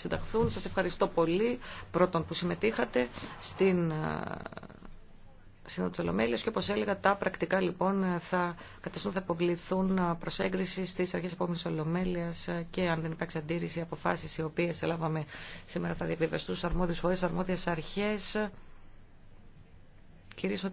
συνταχθούν. Σας ευχαριστώ πολύ πρώτον που συμμετείχατε στην ε, Ολομέλειας και όπως έλεγα, τα πρακτικά λοιπόν θα καταστούν, θα αποκληθούν ε, προ έγκριση στι αρχέ επόμενη Ολομέλεια ε, και αν δεν υπάρξει αντίρρηση, οι αποφάσει οι οποίε έλαβαμε σήμερα θα στους αρμόδιους φορές, αρμόδιες αρχές αρχέ.